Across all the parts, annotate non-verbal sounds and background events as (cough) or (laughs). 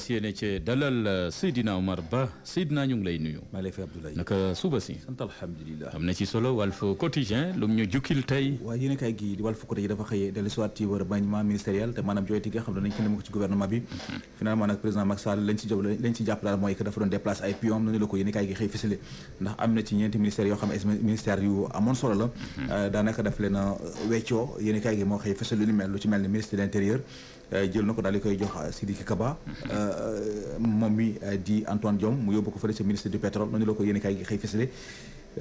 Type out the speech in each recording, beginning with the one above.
si yéene ci dalal euh, Seydina Omar Ba Seydina ñu ngi lay nuyu. maa ngi lay fay naka suba si. am na ci solo Walf Quotidien lu mu ñu jukkil tey. waaw yéen a kaay gi Walf Quotidien dafa xëyee dellusiwaat ci remaniement ministériel te maanaam jooyti nga xam ne dañ ko ci gouvernement bi. Mhm. finalement nag président Macky Sall lañ ci jàpp lañ ci jàpp daal dafa doon déplacé ay pions noonu la ko yéen a kaay gi xëy fësale ndax am na ci ñeenti ministères yoo xam ne ministère yu amoon solo mhm. euh, moo lu mel lu ci Euh, jël na ko daal di koy jox euh, Sidiki Kaba euh, moom mi di Antoine Diome mu yóbbu ko fële ca ministre du pétrole noonu la ko yéen a kaay xëy fësale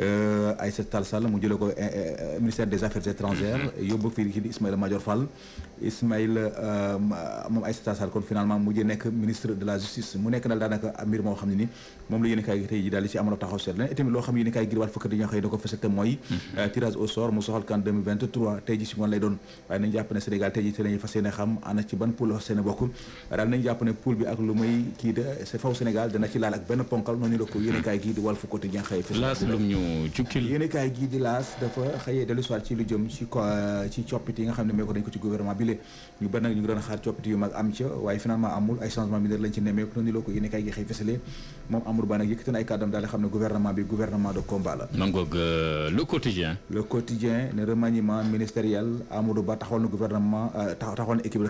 Euh, Aïssata Tall Sall mu jëlee ko euh, euh, ministère des affaires étrangères mhm. yóbbu fii ci Ismaïla Madior Fall moom Aïssata Tall kon finalement mujjee nekk ministre de la justice mu nekk daal daanaka mbir moo xam ne ni moom la yéen gi daal di ci amalo taxaw seet leneen itamit loo xam ne gi wàll fëkk dañoo xëy na ko fësal te mooy mhm. tirage au sort mu soxal kan 2023 tey ji si ngoon lay doon waaye nañu jàpp Sénégal tey ji te nañu fas yéene xam ana ci ban pool fas yéene ñu jukkil yéen kaay gii di laas dafa xëyee dellu soit ci lu jëm ci ci nga xam ne mee ko dañ ko ci gouvernement bi lé ñu bari ngi doon xaar coppite yu mag amul ay changement mineur lañ ci nemmeeku noonu loo ko yéen kaay gi xëy fësale moom Amadou Ba nag yëkkatoon ay kàddam daal xam ne gouvernement bi gouvernement de combat la nangoog euh, le quotidien le quotidien ne remaniement ministériel Amadou Ba taxawal na gouvernement euh, taxawal na équipe de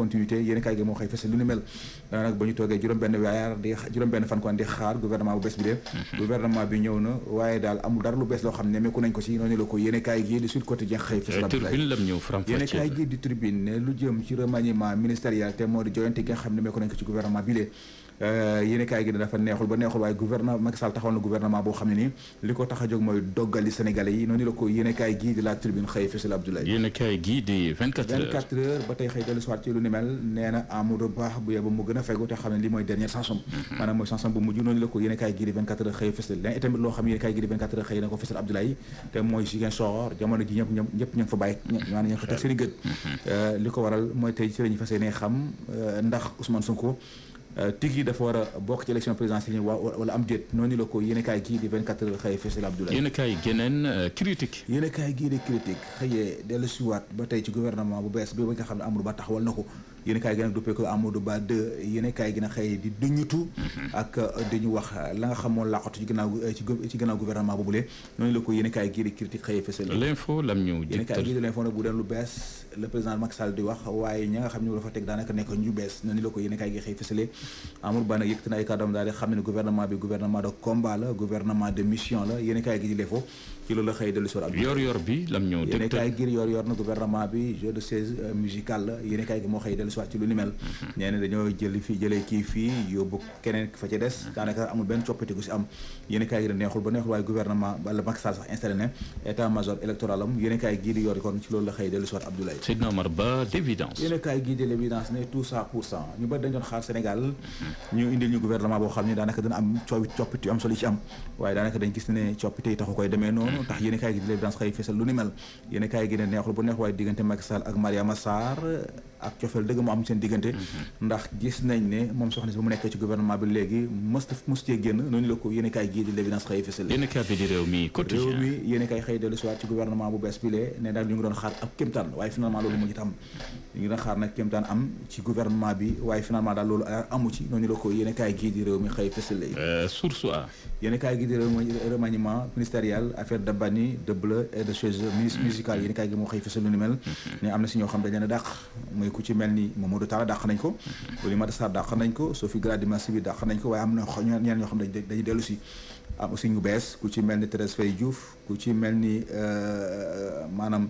continuité yéen kaay gi moo xëy fës lu ni mel daanaka ba ñu toogee juróom-benn weer di juróom-benn fan kon di xaar gouvernement bu bees bi de mhm. gouvernement bi ñëw na waaye daal amul dara lu bees loo xam ne meeku nañ ko si noonu la ko yéen gi di Sud Quotidien xëy fës yéen kaay gi di tribune lu jëm ci remaniement ministériel te moo di joyante gi nga xam ne meeku nañ ko ci gouvernement bi Euh, yéen kaay gi dafa neexul ba neexul waaye gouvernement Macky Sall taxawal na gouvernement boo xam ne nii li ko tax a jóg mooy doggali sénégalais yi noonu la ko yéen kaay gii di la tribune xëy Fesal Abdoulaye yéen kaay gii di 24 heures 24 heures ba tey xëy dellu soit ci lu ni mel nee na Amadou Ba bu yeboo mu gën a fegu te xam ne li mooy dernière chanson mm-hmm. maanaam mooy chanson bu mujj noonu la ko yéen kaay gii di 24 heures xëy Fesal leneen itamit loo xam ne yéen kaay gii di 24 heures xëy na ko Fesal Abdoulaye te mooy Ziguinchor jamono ji ñëpp ñëpp ñëpp ñu ngi fa bàyyi maanaam ñu ngi fa teg seen i gët mm-hmm. euh, li ko waral mooy tey ci lañu fas yéene xam euh, ndax Ousmane Sonko Euh, Tigui dafa war a bokk ci élection présidentielle wa wala am déet noonu la ko di 24 heures xëye Fesal Abdoulaye. yéenekaay euh, di critique xëyee ba tey ci gouvernement bu bees bi ba nga xam Ba taxawal na ko yéenekaay gi nag duppee ko Amadou Ba mhm. ak euh, dañu wax la nga xamoon laqatu ci gannaaw ci gannaaw gouvernement boobule noonu la ko yéenekaay gii di critique xëye Fesal. l'info wax waaye ña nga xam ne ñu la fa Amadou Ba nag yëkkati na ay kàddoom daal di xam ne gouvernement bi gouvernement de combat la gouvernement de mission la yéen kaay gi di defoo ci loolu la xëy dellu soor ak yor-yor bi lam ñëw yéen kaay de siège euh, musical la yéen kaay gi moo xëy dellu soir ci lu mhm. mhm. ba neexul waaye gouvernement wala Macky Sall sax ci loolu Ba d'évidence yéen kaay gii di l'évidence ne tout ça pour ça ñu bari dañ doon xaar Sénégal jël ñu indil ñu gouvernement boo xam ne daanaka dana am coow coppite yu am solo yi ci am waaye daanaka dañ gis ne coppite yi taxu koy demee noonu tax mm-hmm. yéen kaay gi di l'évidence ni mel yéen kaay gi ne neexul bu neex waaye diggante Macky Sall ak Mariama Sarr ak cofeel dëgg mu am seen diggante mhm. ndax gis nañ ne moom soxna si ba mu nekkee ci gouvernement bi léegi mës mës cee génn noonu la ko yéen kaay gii di l'évidence xëy fësal réew mi yéen kaay xëy dellu si waat ci gouvernement bu bees bi lee ne daal ñu ngi doon xaar ab am ci gouvernement ko yéen kaay gii di réew mi xëy fësal euh, ministériel affaire de banni de bleu et de chaise mhm. musicale yéen kaay moo xëy fësal mhm. ne am na si ñoo xam dañ leen dàq muy ku ci mel ni moom Mamadou Talla dàq nañ ko Oulimata Sarr dàq nañ ko Sophie Gladima Siby dàq nañ ko waaye am na ñeneen ñoo xam ne dañuy dellu si am si ñu bees ku ci mel ni Thérèse Faye Diouf ku ci mel ni euh, maanaam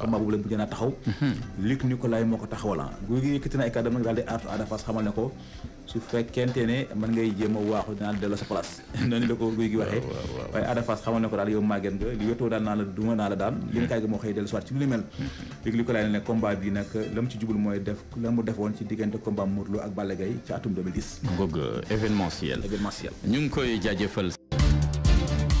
combat boobu lañ bëgg a taxaw mhm. Luc Nicolaï moo ko taxawal ah. guy gi yëkkati na ay kàddam nag daal di aartu Ada Fass xamal ne ko su fekkente ne mën ngay jéem a waaxu dinaa delloo sa place (laughs) noonu la ko guy gi waxee waaye Ada xamal ne ko daal yow màgget nga li wetoo naa la duma naa la daan li mhm. gi moo xëy dellu soit ci lu ni mel mhm. Luc Nicolaï ne combat bi nag la mu ci jubul mooy def la mu defoon ci diggante combat Modou ak Balla Gaye ci